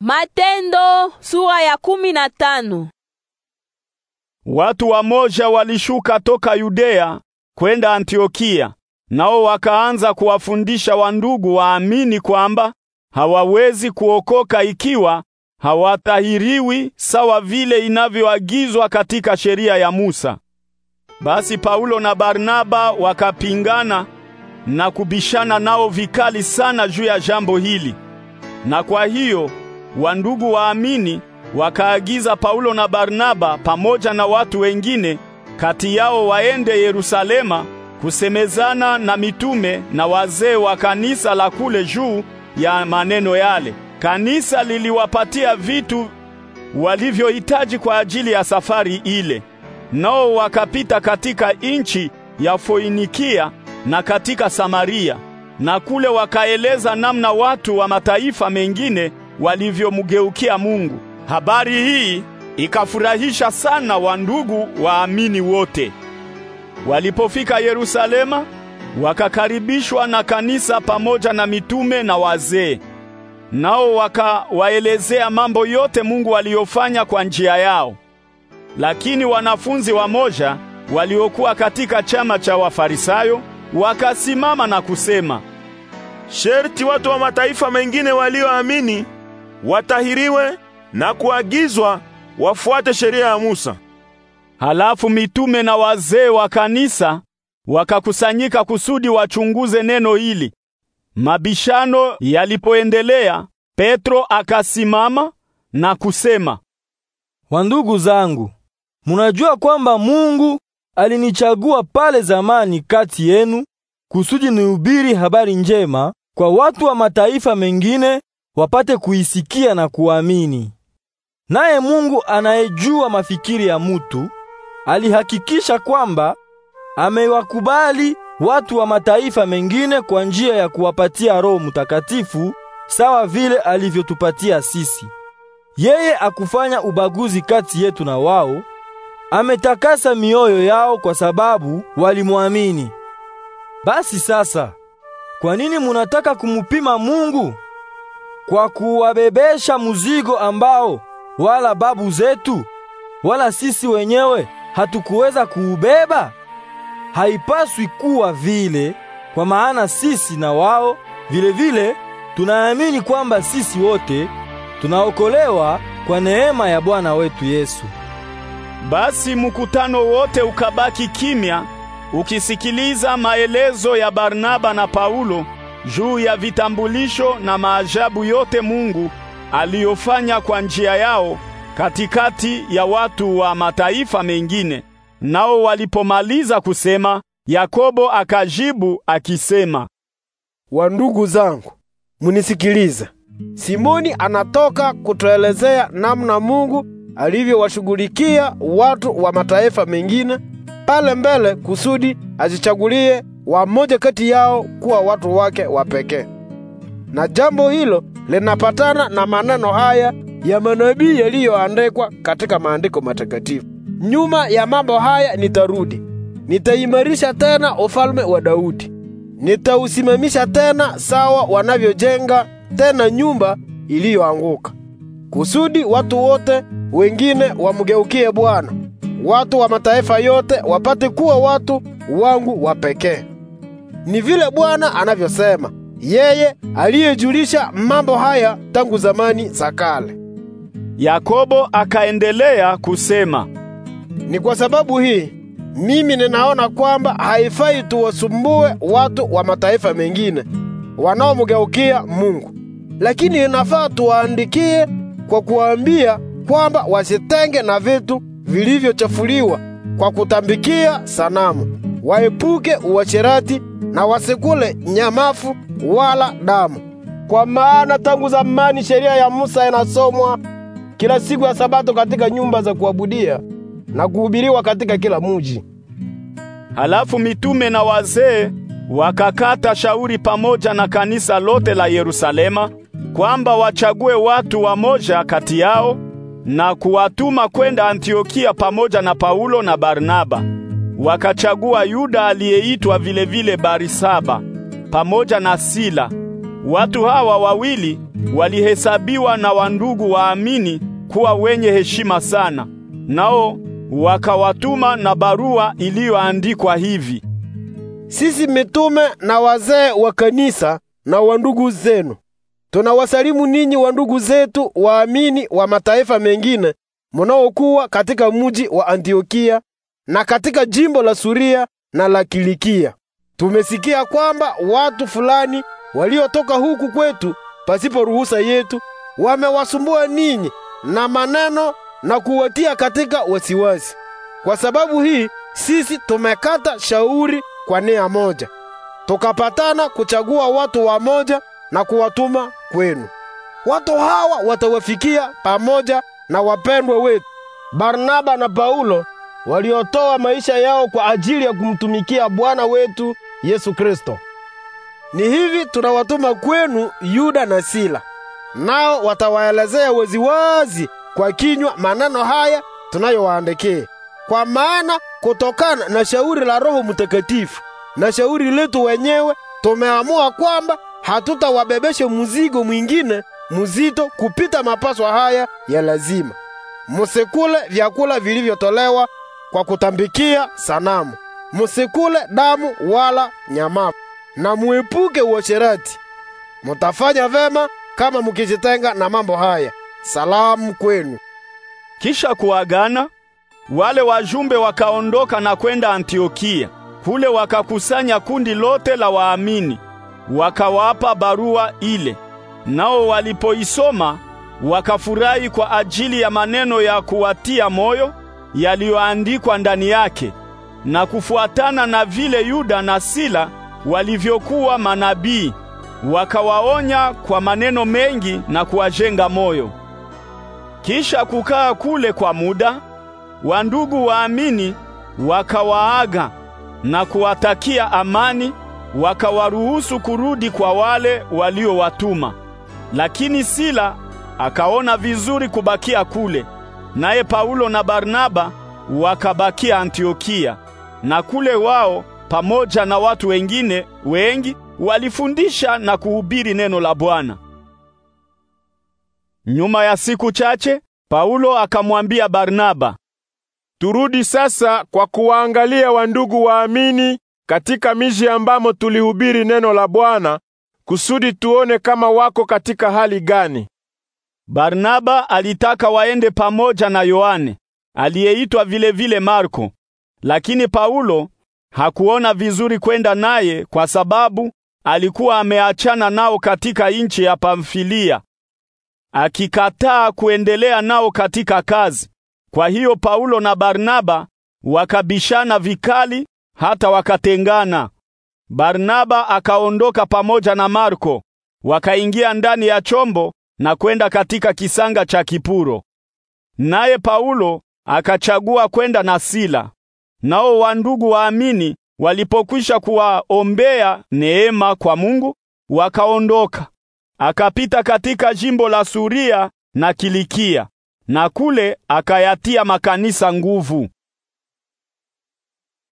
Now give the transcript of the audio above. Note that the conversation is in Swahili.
Matendo sura ya kumi na tano. Watu wamoja walishuka toka Yudea kwenda Antiokia, nao wakaanza kuwafundisha wandugu waamini kwamba hawawezi kuokoka ikiwa hawatahiriwi sawa vile inavyoagizwa katika sheria ya Musa. Basi Paulo na Barnaba wakapingana na kubishana nao vikali sana juu ya jambo hili, na kwa hiyo wandugu waamini wakaagiza Paulo na Barnaba pamoja na watu wengine kati yao waende Yerusalema kusemezana na mitume na wazee wa kanisa la kule juu ya maneno yale. Kanisa liliwapatia vitu walivyohitaji kwa ajili ya safari ile. Nao wakapita katika nchi ya Foinikia na katika Samaria, na kule wakaeleza namna watu wa mataifa mengine walivyomgeukia Mungu. Habari hii ikafurahisha sana wandugu waamini wote. Walipofika Yerusalema, wakakaribishwa na kanisa pamoja na mitume na wazee. Nao wakawaelezea mambo yote Mungu aliyofanya kwa njia yao. Lakini wanafunzi wamoja waliokuwa katika chama cha Wafarisayo wakasimama na kusema, sherti watu wa mataifa mengine walioamini watahiriwe na kuagizwa wafuate sheria ya Musa. Halafu mitume na wazee wa kanisa wakakusanyika kusudi wachunguze neno hili. Mabishano yalipoendelea, Petro akasimama na kusema, Wandugu zangu, munajua kwamba Mungu alinichagua pale zamani kati yenu kusudi nihubiri habari njema kwa watu wa mataifa mengine wapate kuisikia na kuamini. Naye Mungu anayejua mafikiri ya mutu alihakikisha kwamba amewakubali watu wa mataifa mengine kwa njia ya kuwapatia Roho Mtakatifu sawa vile alivyotupatia sisi. Yeye akufanya ubaguzi kati yetu na wao, ametakasa mioyo yao kwa sababu walimwamini. Basi sasa, kwa nini munataka kumupima Mungu? kwa kuwabebesha mzigo ambao wala babu zetu wala sisi wenyewe hatukuweza kuubeba? Haipaswi kuwa vile, kwa maana sisi na wao vile vile, tunaamini kwamba sisi wote tunaokolewa kwa neema ya Bwana wetu Yesu. Basi mkutano wote ukabaki kimya ukisikiliza maelezo ya Barnaba na Paulo juu ya vitambulisho na maajabu yote Mungu aliyofanya kwa njia yao katikati ya watu wa mataifa mengine. Nao walipomaliza kusema, Yakobo akajibu akisema, wandugu zangu, munisikiliza. Simoni anatoka kutuelezea namna Mungu alivyowashughulikia watu wa mataifa mengine pale mbele kusudi azichagulie wa moja kati yao kuwa watu wake wa pekee. Na jambo hilo linapatana na maneno haya ya manabii yaliyoandikwa katika maandiko matakatifu: nyuma ya mambo haya nitarudi, nitaimarisha tena ufalme wa Daudi, nitausimamisha tena sawa wanavyojenga tena nyumba iliyoanguka, kusudi watu wote wengine wamgeukie Bwana, watu wa mataifa yote wapate kuwa watu wangu wa pekee ni vile Bwana anavyosema, yeye aliyejulisha mambo haya tangu zamani za kale. Yakobo akaendelea kusema, ni kwa sababu hii mimi ninaona kwamba haifai tuwasumbue watu wa mataifa mengine wanaomgeukia Mungu, lakini inafaa tuwaandikie kwa kuwaambia kwamba wasitenge na vitu vilivyochafuliwa kwa kutambikia sanamu waepuke uasherati na wasikule nyamafu wala damu. Kwa maana tangu zamani sheria ya Musa inasomwa kila siku ya Sabato katika nyumba za kuabudia na kuhubiriwa katika kila muji. Halafu mitume na wazee wakakata shauri pamoja na kanisa lote la Yerusalema kwamba wachague watu wamoja kati yao na kuwatuma kwenda Antiokia pamoja na Paulo na Barnaba. Wakachagua Yuda aliyeitwa vilevile Barisaba pamoja na Sila. Watu hawa wawili walihesabiwa na wandugu waamini kuwa wenye heshima sana, nao wakawatuma na barua iliyoandikwa hivi: sisi mitume na wazee wa kanisa na wandugu zenu tunawasalimu ninyi wandugu zetu waamini wa mataifa mengine munaokuwa katika mji wa Antiokia na katika jimbo la Suria na la Kilikia. Tumesikia kwamba watu fulani waliotoka huku kwetu pasipo ruhusa yetu wamewasumbua ninyi na maneno na kuwatia katika wasiwasi. Kwa sababu hii sisi tumekata shauri kwa nia moja, tukapatana kuchagua watu wamoja na kuwatuma kwenu. Watu hawa watawafikia pamoja na wapendwa wetu Barnaba na Paulo waliotoa maisha yao kwa ajili ya kumtumikia Bwana wetu Yesu Kristo. Ni hivi tunawatuma kwenu Yuda na Sila, nao watawaelezea waziwazi kwa kinywa maneno haya tunayowaandikia, kwa maana kutokana na shauri la Roho Mtakatifu na shauri letu wenyewe tumeamua kwamba hatutawabebesha mzigo mwingine mzito kupita mapaswa haya ya lazima. Musikule vyakula vilivyotolewa kwa kutambikia sanamu. Musikule damu wala nyama, na muepuke uasherati. Mutafanya vema kama mukijitenga na mambo haya. Salamu kwenu. Kisha kuagana, wale wajumbe wakaondoka na kwenda Antiokia. Kule wakakusanya kundi lote la waamini, wakawapa barua ile. Nao walipoisoma wakafurahi kwa ajili ya maneno ya kuwatia moyo yaliyoandikwa ndani yake na kufuatana na vile Yuda na Sila walivyokuwa manabii, wakawaonya kwa maneno mengi na kuwajenga moyo. Kisha kukaa kule kwa muda, wandugu waamini wakawaaga na kuwatakia amani, wakawaruhusu kurudi kwa wale waliowatuma. Lakini Sila akaona vizuri kubakia kule. Naye Paulo na Barnaba wakabakia Antiokia, na kule wao pamoja na watu wengine wengi walifundisha na kuhubiri neno la Bwana. Nyuma ya siku chache Paulo akamwambia Barnaba, turudi sasa kwa kuwaangalia wandugu waamini katika miji ambamo tulihubiri neno la Bwana, kusudi tuone kama wako katika hali gani. Barnaba alitaka waende pamoja na Yohane aliyeitwa vile vile Marko, lakini Paulo hakuona vizuri kwenda naye kwa sababu alikuwa ameachana nao katika nchi ya Pamfilia, akikataa kuendelea nao katika kazi. Kwa hiyo Paulo na Barnaba wakabishana vikali hata wakatengana. Barnaba akaondoka pamoja na Marko, wakaingia ndani ya chombo na kwenda katika kisanga cha Kipuro. Naye Paulo akachagua kwenda na Sila. Nao wandugu waamini walipokwisha kuwaombea neema kwa Mungu, wakaondoka. Akapita katika jimbo la Suria na Kilikia, na kule akayatia makanisa nguvu.